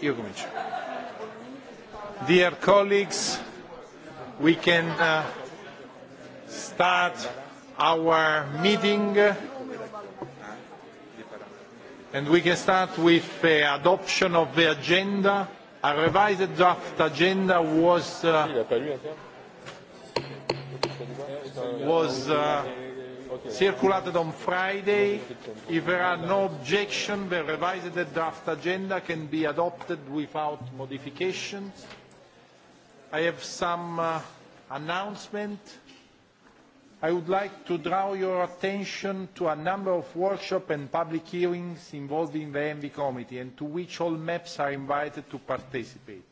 Io comincio. Dear colleagues, we can uh, start our meeting and we can start with the adoption of the agenda. A revised draft agenda was uh, was uh, circulated on Friday. If there are no objection, the revised draft agenda can be adopted without modifications. I have some uh, announcement. I would like to draw your attention to a number of workshops and public hearings involving the ENVI Committee and to which all MEPs are invited to participate.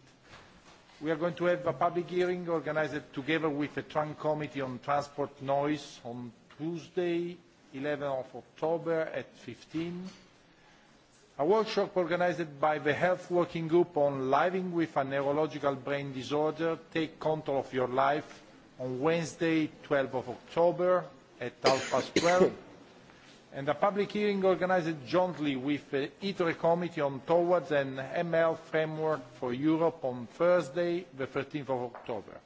We are going to have a public hearing organized together with the Trunk Committee on Transport Noise on Tuesday, 11 of October at 15. A workshop organized by the Health Working Group on Living with a Neurological Brain Disorder, Take Control of Your Life, on Wednesday, 12 of October at half past 12. and a public hearing organized jointly with the ITRE Committee on Towards an ML Framework for Europe on Thursday, the 13th of October.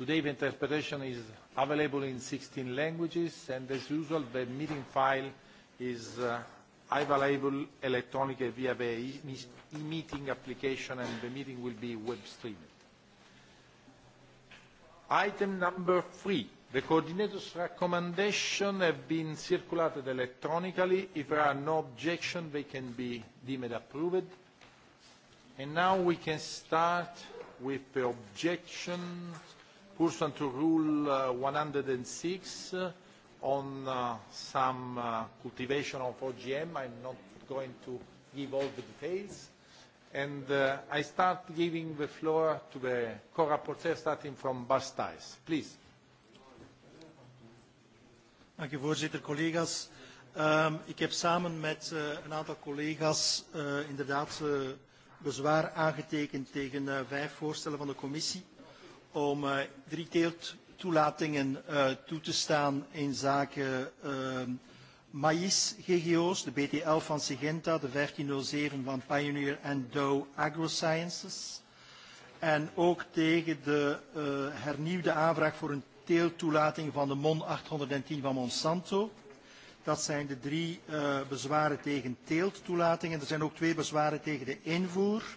Today, the interpretation is available in 16 languages, and as usual, the meeting file is uh, available electronically via the e-, e-meeting e application, and the meeting will be web streamed. Item number three, the coordinator's recommendation have been circulated electronically. If there are no objection, they can be deemed approved. And now we can start with the objections pursuant to Rule uh, 106 uh, on uh, some uh, cultivation of OGM. I'm not going to give all the details. And uh, I start giving the floor to the co-rapporteur, starting from Bas Thijs. Please. Dank u, voorzitter, collega's. Um, ik heb samen met uh, een aantal collega's uh, inderdaad uh, bezwaar aangetekend tegen uh, vijf voorstellen van de commissie. Uh, om uh, drie keer toelatingen uh, toe te staan in zaken uh, eh, maïs-GGO's, de BT11 van Syngenta, de 1507 van Pioneer en Dow AgroSciences. En ook tegen de uh, hernieuwde aanvraag voor een teeltoelating van de MON 810 van Monsanto. Dat zijn de drie uh, bezwaren tegen teelttoelatingen. Er zijn ook twee bezwaren tegen de invoer. Uh,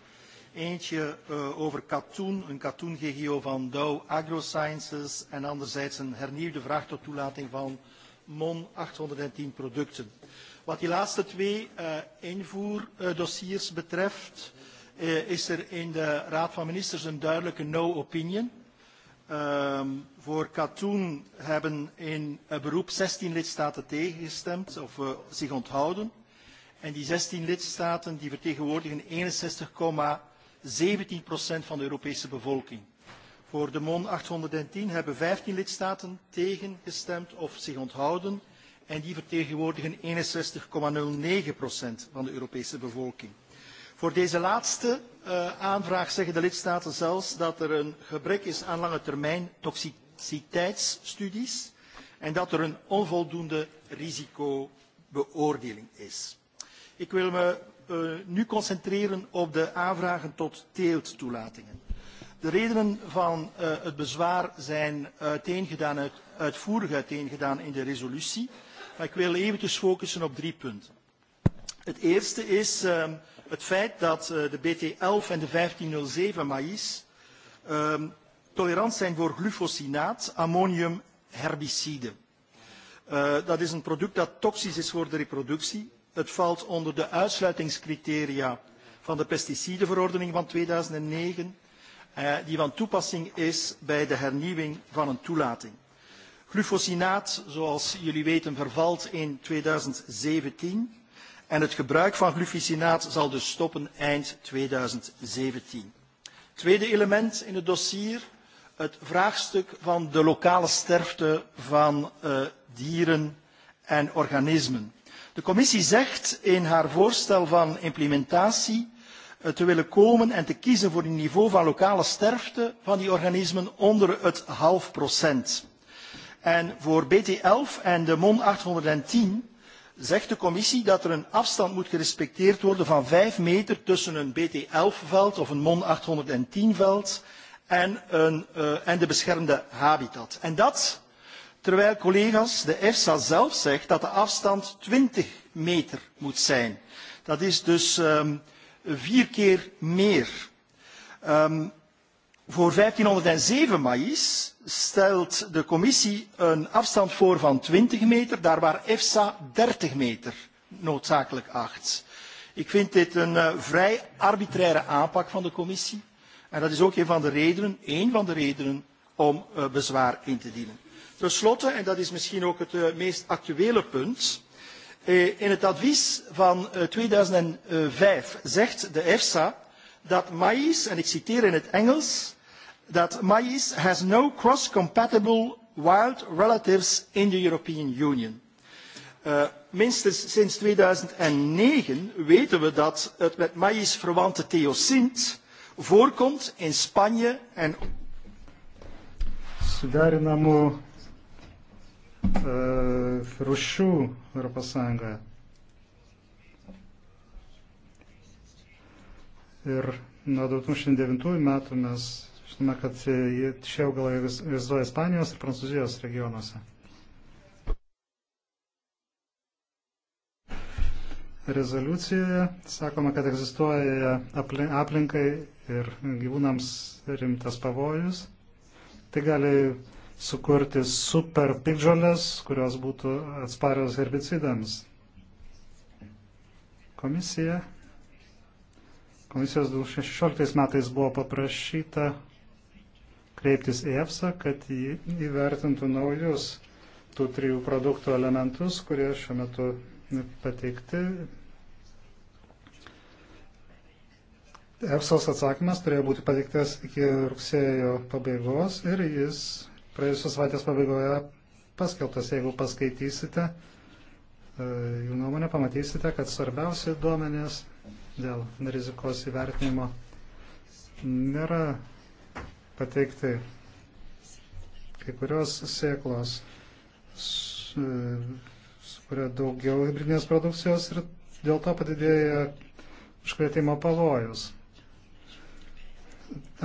Eentje uh, over katoen, een katoengegio van Dow AgroSciences en anderzijds een hernieuwde vraag tot toelating van MON 810 producten. Wat die laatste twee uh, invoerdossiers uh, betreft uh, is er in de Raad van Ministers een duidelijke no-opinion. Um, ehm, voor katoen hebben in uh, beroep 16 lidstaten tegengestemd of uh, zich onthouden. En die 16 lidstaten die vertegenwoordigen 61, 17% van de Europese bevolking. Voor de MON 810 hebben 15 lidstaten tegengestemd of zich onthouden en die vertegenwoordigen 61,09% van de Europese bevolking. Voor deze laatste uh, aanvraag zeggen de lidstaten zelfs dat er een gebrek is aan lange termijn toxiciteitsstudies en dat er een onvoldoende risicobeoordeling is. Ik wil me uh, nu concentreren op de aanvragen tot teelttoelatingen. De redenen van uh, het bezwaar zijn uiteengedaan, uit, uitvoerig uiteengedaan in de resolutie, maar ik wil eventjes focussen op drie punten. Het eerste is uh, het feit dat uh, de BT11 en de 1507 maïs uh, tolerant zijn voor glufosinaat, ammoniumherbicide. Uh, dat is een product dat toxisch is voor de reproductie Het valt onder de uitsluitingscriteria van de pesticidenverordening van 2009, eh, die van toepassing is bij de hernieuwing van een toelating. Glufosinaat, zoals jullie weten, vervalt in 2017 en het gebruik van glufosinaat zal dus stoppen eind 2017. Tweede element in het dossier, het vraagstuk van de lokale sterfte van uh, dieren en organismen. De commissie zegt in haar voorstel van implementatie eh, te willen komen en te kiezen voor een niveau van lokale sterfte van die organismen onder het half procent. En voor BT11 en de MON 810 zegt de commissie dat er een afstand moet gerespecteerd worden van vijf meter tussen een BT11 veld of een MON 810 veld en, een, uh, en de beschermde habitat. En dat terwijl collega's de efsa zelf zegt dat de afstand twintig meter moet zijn. dat is dus um, vier keer meer. Um, voor duizendvijfhonderdzeven maïs stelt de commissie een afstand voor van twintig meter daar waar efsa dertig meter noodzakelijk acht. ik vind dit een uh, vrij arbitraire aanpak van de commissie en dat is ook een van de redenen, een van de redenen om uh, bezwaar in te dienen. Ten slotte, en dat is misschien ook het uh, meest actuele punt, uh, in het advies van uh, eh, 2005 zegt de EFSA dat maïs, en ik citeer in het Engels, that maïs has no cross-compatible wild relatives in the European Union. Uh, minstens sinds 2009 weten we dat het met maïs verwante theosint voorkomt in Spanje en sudarinamų E, rušių Europos Sąjungoje. Ir nuo 2009 metų mes žinome, kad šie augalai vizuoja Ispanijos ir Prancūzijos regionuose. Rezoliucijoje sakoma, kad egzistuoja aplinkai ir gyvūnams rimtas pavojus. Tai gali sukurti super pikžolės, kurios būtų atsparios herbicidams. Komisija. Komisijos 2016 metais buvo paprašyta kreiptis į EFSA, kad jį įvertintų naujus tų trijų produktų elementus, kurie šiuo metu pateikti. EFSOS atsakymas turėjo būti pateiktas iki rugsėjo pabaigos ir jis praėjusios savaitės pabaigoje paskelbtas. Jeigu paskaitysite e, jų nuomonę, pamatysite, kad svarbiausi duomenės dėl rizikos įvertinimo nėra pateikti kai kurios sėklos sukuria e, daugiau hybridinės produkcijos ir dėl to padidėja užkvietimo pavojus.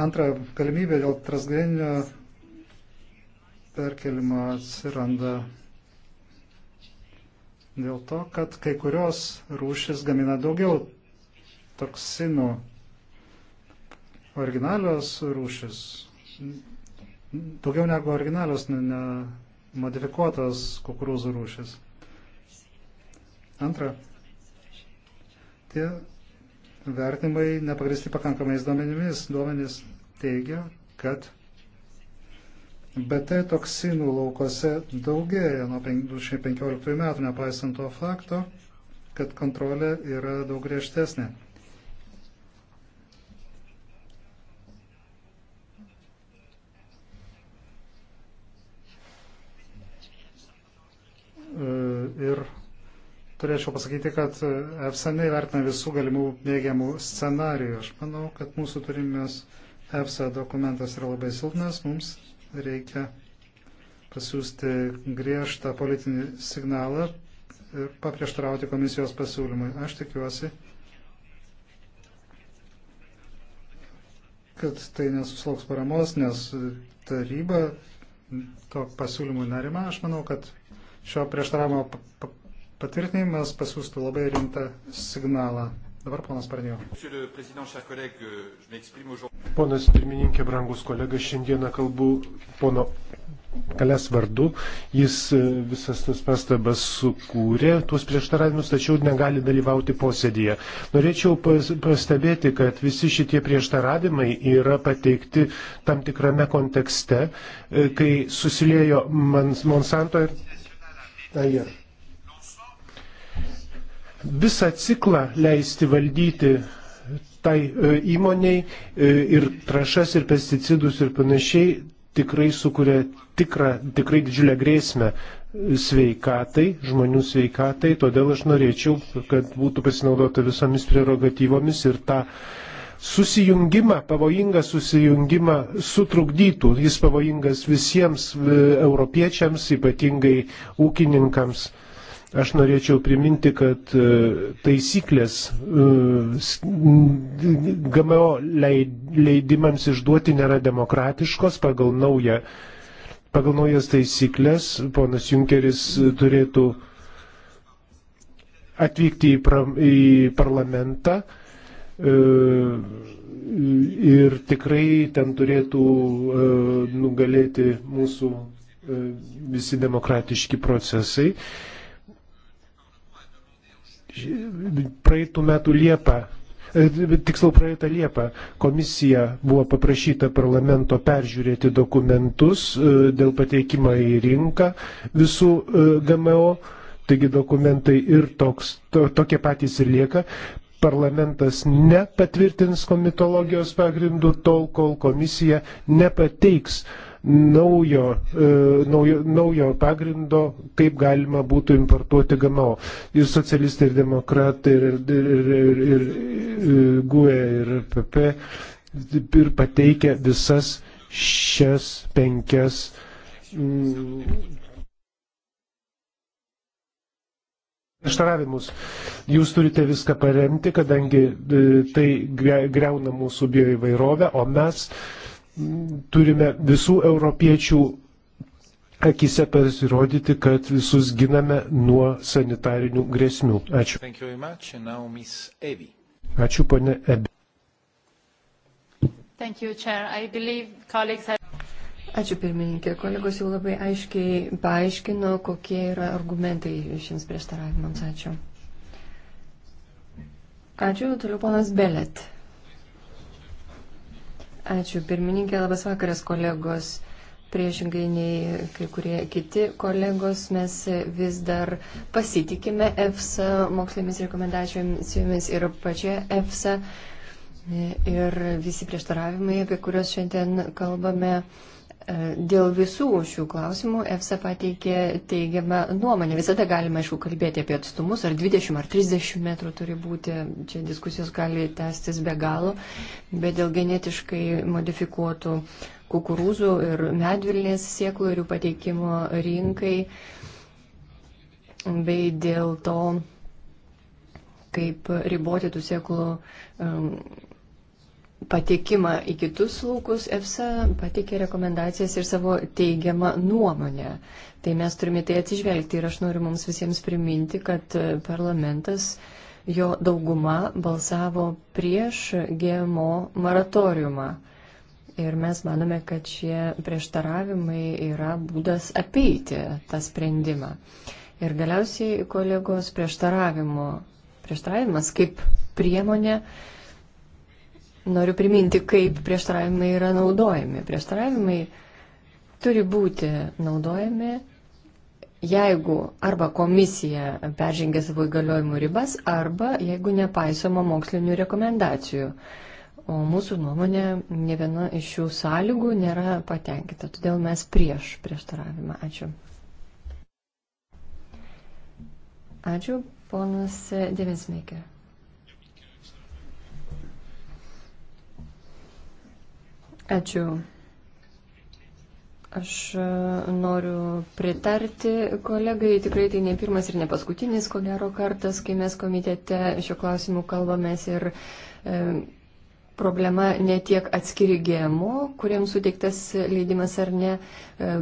Antra galimybė dėl transgeninio perkelimo atsiranda dėl to, kad kai kurios rūšis gamina daugiau toksinų. Originalios rūšis, daugiau negu originalios modifikuotos kukurūzų rūšis. Antra, tie vertimai nepagristi pakankamais duomenimis. Duomenys teigia, kad BT tai toksinų laukose daugėja nuo 2015 metų, nepaisant to fakto, kad kontrolė yra daug griežtesnė. E, ir turėčiau pasakyti, kad EFSA neįvertina visų galimų neigiamų scenarijų. Aš manau, kad mūsų turimės EFSA dokumentas yra labai silpnas, mums reikia pasiūsti griežtą politinį signalą ir paprieštarauti komisijos pasiūlymui. Aš tikiuosi, kad tai nesusilauks paramos, nes taryba to pasiūlymų nerima. Aš manau, kad šio prieštaravimo patvirtinimas pasiūstų labai rimtą signalą. Dabar ponas Parnijo. Ponas pirmininkė, brangus kolega, šiandieną kalbu pono Kalės vardu. Jis e, visas tas pastabas sukūrė, tuos prieštaravimus, tačiau negali dalyvauti posėdėje. Norėčiau pastebėti, kad visi šitie prieštaravimai yra pateikti tam tikrame kontekste, e, kai susilėjo Monsanto ir Ayer. Visą ciklą leisti valdyti tai e, įmoniai ir trašas ir pesticidus ir panašiai tikrai sukuria tikrą, tikrai didžiulę grėsmę sveikatai, žmonių sveikatai, todėl aš norėčiau, kad būtų pasinaudota visomis prerogatyvomis ir tą susijungimą, pavojingą susijungimą sutrukdytų. Jis pavojingas visiems e, europiečiams, ypatingai ūkininkams. Aš norėčiau priminti, kad e, taisyklės e, GMO leidimams išduoti nėra demokratiškos pagal, naują, pagal naujas taisyklės. Ponas Junkeris turėtų atvykti į, pra, į parlamentą e, ir tikrai ten turėtų e, nugalėti mūsų e, visi demokratiški procesai. Praeitų metų Liepą E, tiksliau praeitą Liepą komisija buvo paprašyta parlamento peržiūrėti dokumentus e, dėl pateikimo į rinką visų e, GMO, taigi dokumentai ir toks, to, tokie patys ir lieka. Parlamentas nepatvirtins komitologijos pagrindų tol, kol komisija nepateiks uh, naujo, e, naujo, naujo pagrindo, kaip galima būtų importuoti GMO. Ir socialistai, ir demokratai, ir, ir, ir, ir, ir, e, e, ir GUE, ir PP ir pateikia visas šias penkias. Mm, prieštaravimus. Jūs turite viską paremti, kadangi tai greuna mūsų bioįvairovę, o mes uh, turime visų europiečių akise pasirodyti, kad visus giname nuo sanitarinių grėsmių. Ačiū. Ačiū, ponė Ebi. You, have... Ačiū pirmininkė. Kolegos jau labai aiškiai paaiškino, kokie yra argumentai šiems prieštaravimams. Ačiū. Ačiū. Toliau ponas Belet. Ačiū pirmininkė, labas vakaras kolegos. Priešingai nei kai kurie kiti kolegos, mes vis dar pasitikime EFSA mokslinėmis rekomendacijomis ir pačia EFSA. Ir visi prieštaravimai, apie kuriuos šiandien kalbame, E, dėl visų šių klausimų EFSA pateikė teigiamą nuomonę. Visada galima, aišku, kalbėti apie atstumus, ar 20 ar 30 metrų turi būti. Čia diskusijos gali tęstis be galo, bet dėl genetiškai modifikuotų kukurūzų ir medvilnės sieklų ir jų pateikimo rinkai bei dėl to, kaip riboti tų sieklų um, patekimą į kitus laukus, EFSA patikė rekomendacijas ir savo teigiamą nuomonę. Tai mes turime tai atsižvelgti ir aš noriu mums visiems priminti, kad e, parlamentas, jo dauguma balsavo prieš GMO moratoriumą. Ir mes manome, kad šie prieštaravimai yra būdas apeiti tą sprendimą. Ir galiausiai kolegos prieštaravimo, prieštaravimas kaip priemonė, uh, Noriu priminti, kaip prieštaravimai yra naudojami. Prieštaravimai turi būti naudojami, jeigu arba komisija peržengia savo įgaliojimų ribas, arba jeigu nepaisoma mokslinių rekomendacijų. O mūsų nuomonė, ne viena iš šių sąlygų nėra patenkinta, todėl mes prieš prieštaravimą. Ačiū. Ačiū, ponas Devensmeikė. Ačiū. Aš e, noriu pritarti kolegai, tikrai tai ne pirmas ir ne paskutinis, ko gero, kartas, kai mes komitete šiuo klausimu kalbamės ir e, problema ne tiek atskiri GMO, kuriems suteiktas leidimas ar ne. E,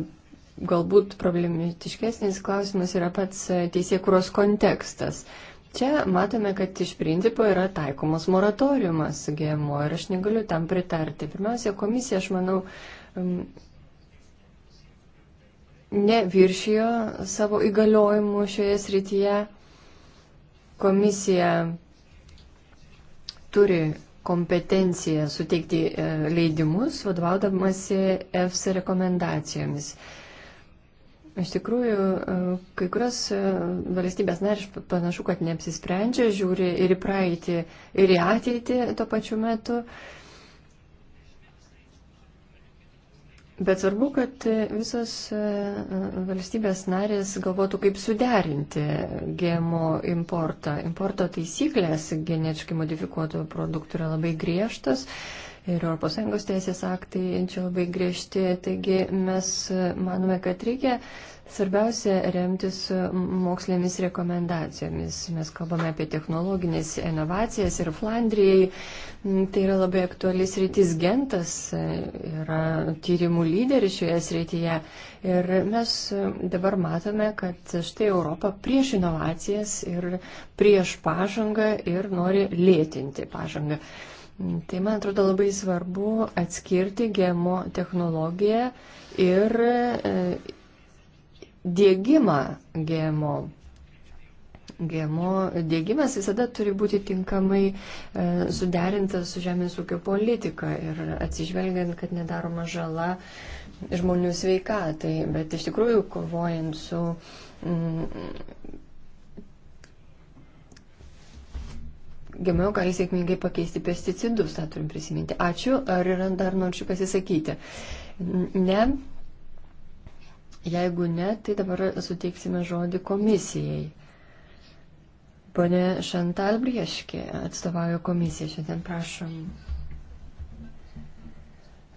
galbūt problematiškesnis klausimas yra pats e, teisėkuros kontekstas. E, Čia matome, kad iš principo yra taikomas moratoriumas GMO ir aš negaliu tam pritarti. Pirmiausia, komisija, aš manau, neviršijo savo įgaliojimų šioje srityje. Komisija turi kompetenciją suteikti e, leidimus, vadovaudamasi EFSA rekomendacijomis. Iš tikrųjų, e, kai kurios e, valstybės narės panašu, kad neapsisprendžia, žiūri ir į praeitį, ir į ateitį tuo pačiu metu. Bet svarbu, kad visos e, valstybės narės galvotų, kaip suderinti GMO importą. Importo taisyklės genetiškai modifikuotų produktų yra labai griežtos. Uh, ir ES teisės aktai čia labai griežti. Taigi mes manome, kad reikia svarbiausia remtis mokslinėmis rekomendacijomis. Mes kalbame apie technologinės inovacijas ir Flandrijai. Tai yra labai aktualis rytis gentas, yra tyrimų lyderis šioje srityje. Ir mes dabar matome, kad štai Europa prieš inovacijas ir prieš pažangą ir nori lėtinti pažangą. Tai man atrodo labai svarbu atskirti GMO technologiją ir e, dėgymą GMO. GMO dėgymas visada turi būti tinkamai e, suderintas su žemės ūkio politika ir atsižvelgiant, kad nedaroma žala žmonių sveikatai, bet iš tikrųjų kovojant su mm, GMO gali sėkmingai pakeisti pesticidus, tą turim prisiminti. Ačiū. Ar yra dar norčiau pasisakyti? Ne. Jeigu ne, tai dabar suteiksime žodį komisijai. Pone Šantal Brieškė atstovauja komisiją šiandien, prašom.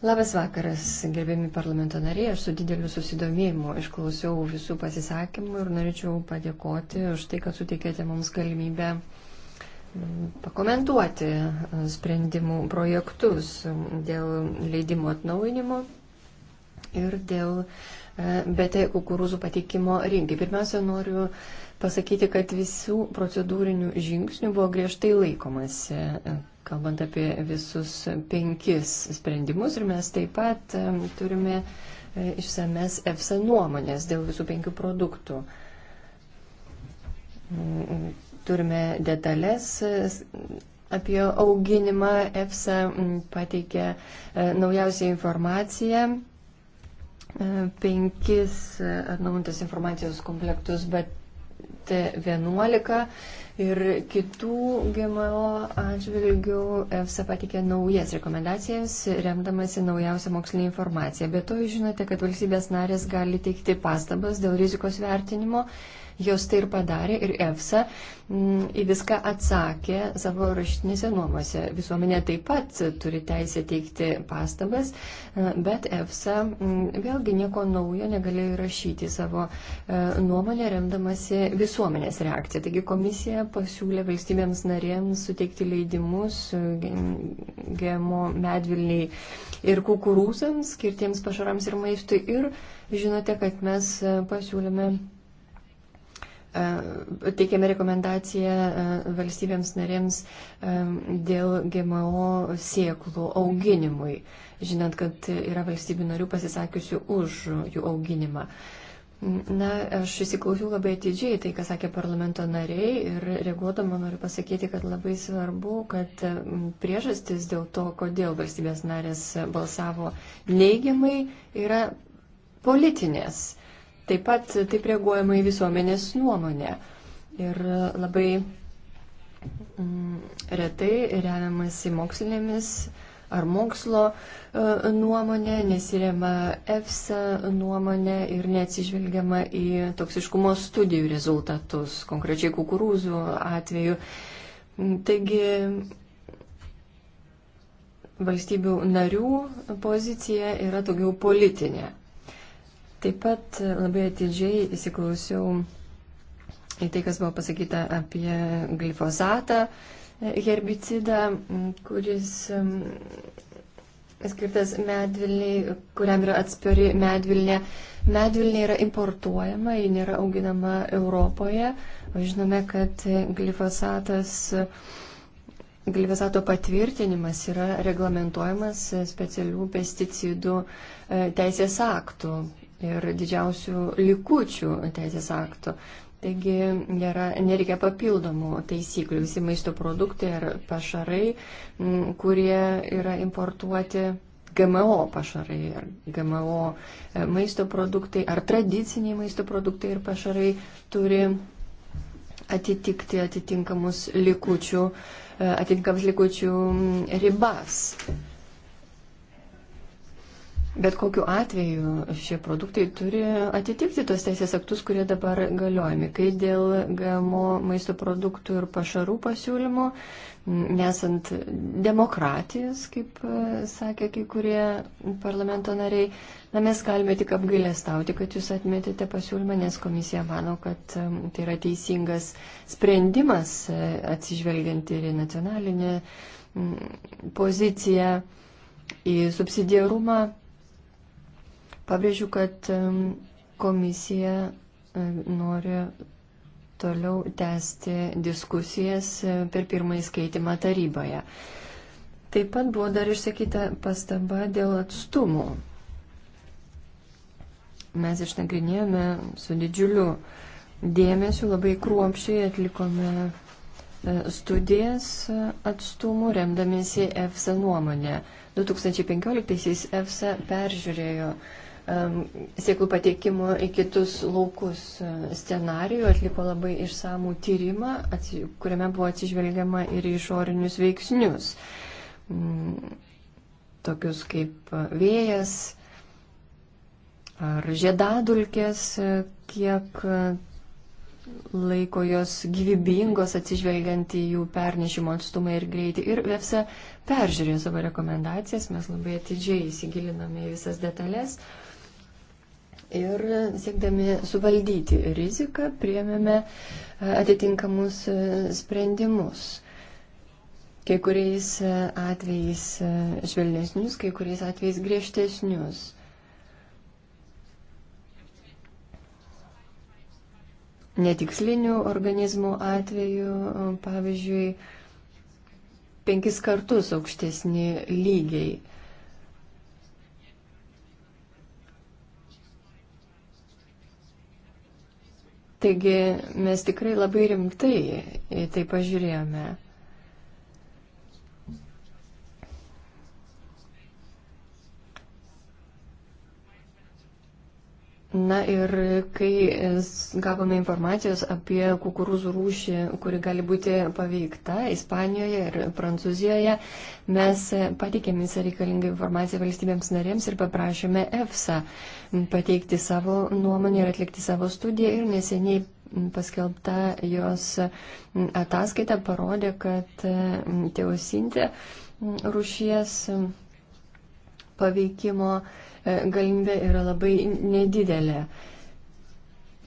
Labas vakaras, gerbėmi parlamento nariai, aš su dideliu susidomėjimu išklausiau visų pasisakymų ir norėčiau padėkoti už tai, kad suteikėte mums galimybę uh, pakomentuoti sprendimų projektus dėl leidimo atnauinimo ir dėl e, BT kukurūzų patikimo rinkai. Pirmiausia, noriu pasakyti, kad visų procedūrinių žingsnių buvo griežtai laikomasi, e, kalbant apie visus penkis sprendimus ir mes taip pat e, turime išsames EFSA nuomonės dėl visų penkių produktų. Mm, mm turime detalės e, apie auginimą. EFSA mm, pateikė e, naujausią informaciją e, penkis atnaujintas informacijos komplektus, bet T11 ir kitų GMO atžvilgių EFSA patikė naujas rekomendacijas, remdamasi naujausią mokslinį informaciją. Be to, žinote, kad valstybės narės gali teikti pastabas dėl rizikos vertinimo Jos tai ir padarė ir EFSA mm, į viską atsakė savo raštinėse nuomose. Visuomenė taip pat turi teisę teikti pastabas, e, bet EFSA mm, vėlgi nieko naujo negalėjo įrašyti savo e, nuomonę remdamasi visuomenės reakciją. Taigi komisija pasiūlė valstybėms narėms suteikti leidimus e, GMO medvilniai ir kukurūzams skirtiems pašarams ir maistui. Ir žinote, kad mes pasiūlėme E, teikiame rekomendaciją e, valstybėms narėms e, dėl GMO sieklų auginimui, žinant, kad yra valstybių narių pasisakiusių už jų auginimą. Na, aš įsiklausiau labai atidžiai tai, ką sakė parlamento nariai ir reaguodama noriu pasakyti, kad labai svarbu, kad priežastis dėl to, kodėl valstybės narės balsavo neigiamai, yra politinės Taip pat taip reaguojama į visuomenės nuomonę. Ir labai mm, retai remiamasi mokslinėmis ar mokslo e, nuomonė, nesirema EFSA nuomonė ir neatsižvelgiama į toksiškumo studijų rezultatus, konkrečiai kukurūzų atveju. Taigi valstybių narių pozicija yra daugiau politinė. Taip pat labai atidžiai įsiklausiau į tai, kas buvo pasakyta apie glifozatą, e, herbicidą, kuris skirtas medvilniai, kuriam yra atspari medvilnė. Medvilnė yra importuojama, ji nėra auginama Europoje. O žinome, kad glifosatas, glifosato patvirtinimas yra reglamentuojamas specialių pesticidų e, teisės aktų ir didžiausių likučių teisės aktų. Taigi nėra, nereikia papildomų taisyklių. Visi maisto produktai ar pašarai, kurie yra importuoti GMO pašarai ar GMO e, maisto produktai ar tradiciniai maisto produktai ir pašarai turi atitikti atitinkamus likučių, e, atitinkamus likučių ribas. Bet kokiu atveju šie produktai turi atitikti tos teisės aktus, kurie dabar galiojami. Kai dėl GMO maisto produktų ir pašarų pasiūlymo, nesant demokratijos, kaip e, sakė kai kurie parlamento nariai, na, mes galime tik apgailestauti, kad jūs atmetėte pasiūlymą, nes komisija mano, kad e, tai yra teisingas sprendimas e, atsižvelgiant ir į nacionalinę poziciją, į subsidiarumą Pabrėžiu, kad komisija e, nori toliau tęsti diskusijas e, per pirmąjį skaitimą taryboje. Taip pat buvo dar išsakyta pastaba dėl atstumų. Mes išnagrinėjome su didžiuliu dėmesiu, labai kruopšiai atlikome e, studijas atstumų remdamiesi EFSA nuomonę. 2015-aisiais EFSA peržiūrėjo uh, sėklų patekimo į kitus laukus e, scenarijų, atliko labai išsamų tyrimą, kuriame buvo atsižvelgiama ir išorinius veiksnius, mm, tokius kaip e, vėjas ar žiedadulkės, e, kiek laiko jos gyvybingos atsižvelgiant į jų pernešimo atstumą ir greitį. Ir VEFSA peržiūrėjo savo rekomendacijas, mes labai atidžiai įsigilinome į visas detalės. Uh, ir siekdami suvaldyti riziką priemėme e, atitinkamus e, sprendimus. Kai kuriais e, atvejais švelnesnius, kai kuriais atvejais griežtesnius. Netikslinių organizmų atveju, pavyzdžiui, penkis kartus aukštesni lygiai Taigi mes tikrai labai rimtai į tai pažiūrėjome. Na ir kai gavome informacijos apie kukurūzų rūšį, kuri gali būti paveikta Ispanijoje ir Prancūzijoje, mes patikėme visą reikalingą informaciją valstybėms narėms ir paprašėme EFSA pateikti savo nuomonę ir atlikti savo studiją ir neseniai paskelbta jos ataskaita parodė, kad teosintė rūšies paveikimo e, galimybė yra labai nedidelė.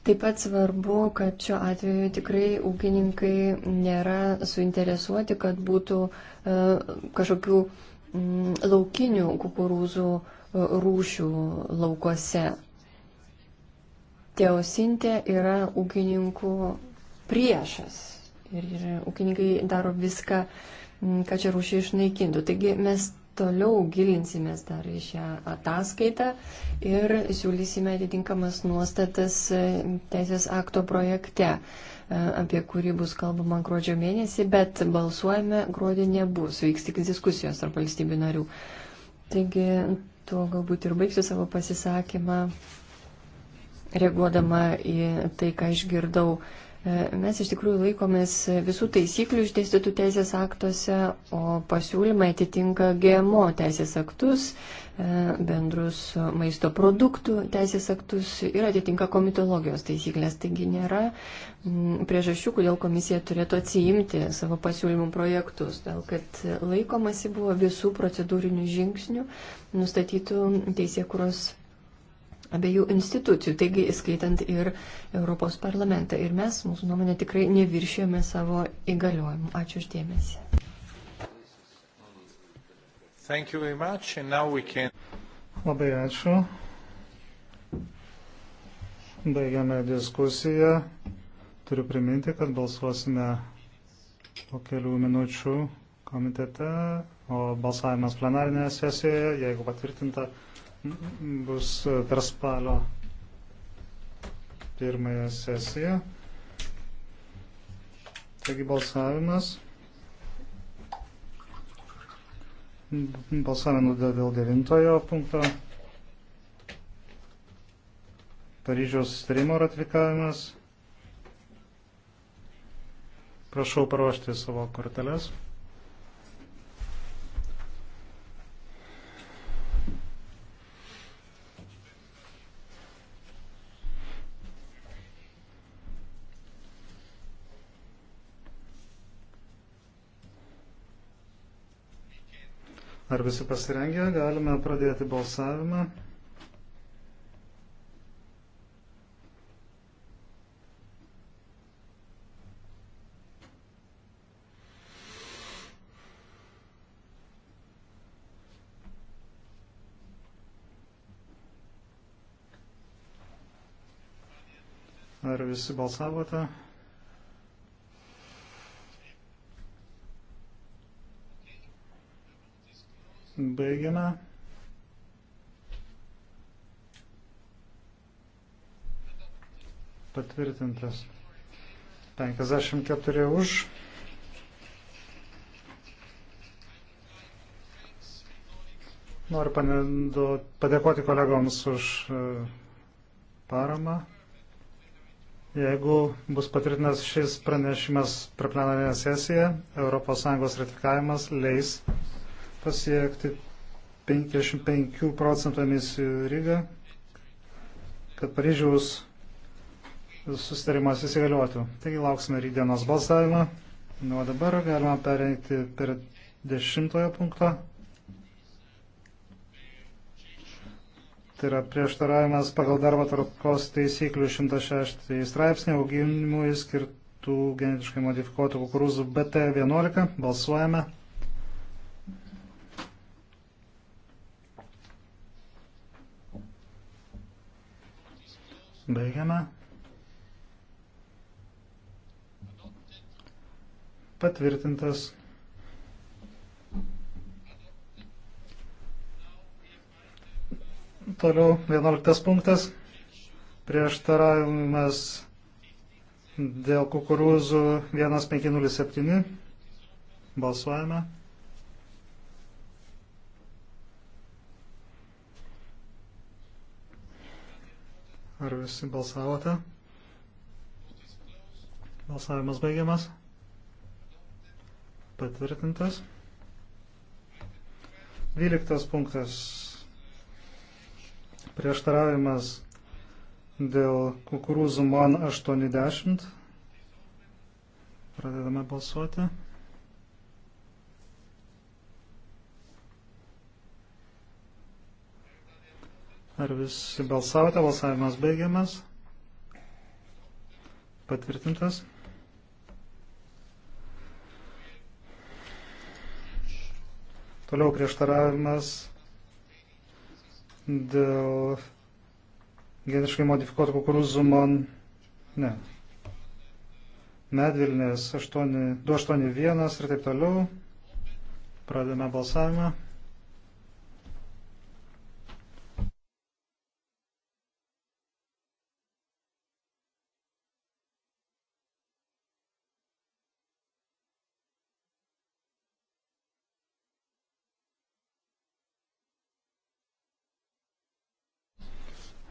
Taip pat svarbu, kad šiuo atveju tikrai ūkininkai nėra suinteresuoti, kad būtų e, kažkokių mm, laukinių kukurūzų e, rūšių laukuose. Teosintė yra ūkininkų priešas ir ūkininkai daro viską, mm, kad čia rūšį išnaikintų. Taigi mes toliau gilinsimės dar į šią ataskaitą ir siūlysime atitinkamas nuostatas teisės akto projekte, e, apie kurį bus kalbama gruodžio mėnesį, bet balsuojame gruodį nebus, vyks tik diskusijos tarp valstybių narių. Taigi, tuo galbūt ir baigsiu savo pasisakymą, reaguodama į tai, ką išgirdau Mes iš tikrųjų laikomės visų taisyklių išdėstytų teisės aktuose, o pasiūlymai atitinka GMO teisės aktus, e, bendrus maisto produktų teisės aktus ir atitinka komitologijos taisyklės. Taigi nėra mm, priežasčių, kodėl komisija turėtų atsiimti savo pasiūlymų projektus, dėl kad laikomasi buvo visų procedūrinių žingsnių nustatytų teisėkuros abiejų institucijų, taigi įskaitant ir Europos parlamentą. Ir mes, mūsų nuomonė, tikrai neviršėjome savo įgaliojimų. Ačiū uždėmesi. Can... Labai ačiū. Baigiame diskusiją. Turiu priminti, kad balsuosime po kelių minučių komitete, o balsavimas plenarinėje sesijoje, jeigu patvirtinta, bus e, per spalio pirmąją sesiją. Taigi balsavimas. Balsavimų dėl devintojo punkto. Paryžiaus strimo ratifikavimas. Prašau paruošti savo korteles. Ar visi pasirengę? Galime pradėti balsavimą. Ar visi balsavote? Baigiame. Patvirtintas. 54 už. Noriu padėkoti kolegoms už e, paramą. Jeigu bus patvirtinęs šis pranešimas per plenarinę sesiją, ES ratifikavimas leis pasiekti 55 procentų emisijų rygą, kad Paryžiaus sustarimas įsigaliotų. Taigi lauksime rydienos balsavimą. Nu, o dabar galima pereiti per dešimtojo punkto. Tai yra prieštaravimas pagal darbo tvarkos taisyklių 106 straipsnį auginimui skirtų genetiškai modifikuotų kukurūzų BT11. Balsuojame. Baigiame. Patvirtintas. Toliau 11 punktas. Prieštaravimas dėl kukurūzų 1507. Balsuojame. Ar visi balsavote? Balsavimas baigiamas. Patvirtintas. Dvyliktas punktas. Prieštaravimas dėl kukurūzų MON 80. Pradedame balsuoti. Ar visi balsavote? Balsavimas baigiamas. Patvirtintas. Toliau prieštaravimas dėl geniškai modifikuotų kukurūzų mon... Ne. Medvilnės 8, 281 ir taip toliau. Pradėme balsavimą.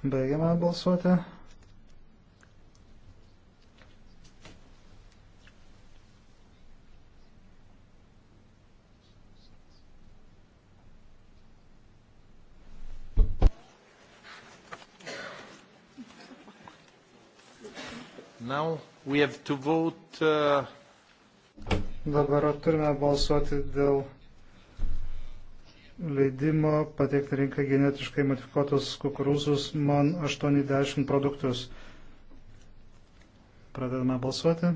Baigiame balsuoti. Now we have to vote. Uh... Dabar turime balsuoti dėl leidimo patekti rinką genetiškai modifikuotus kukurūzus MON 80 produktus. Pradedame balsuoti.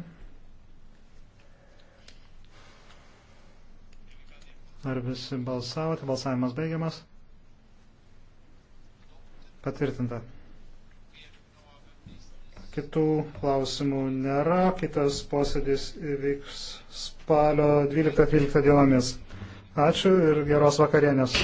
Ar visi balsavote? Balsavimas baigiamas. Patvirtinta. Kitų klausimų nėra. Kitas posėdis įvyks spalio 12-13 dienomis. Ačiū ir geros vakarienės.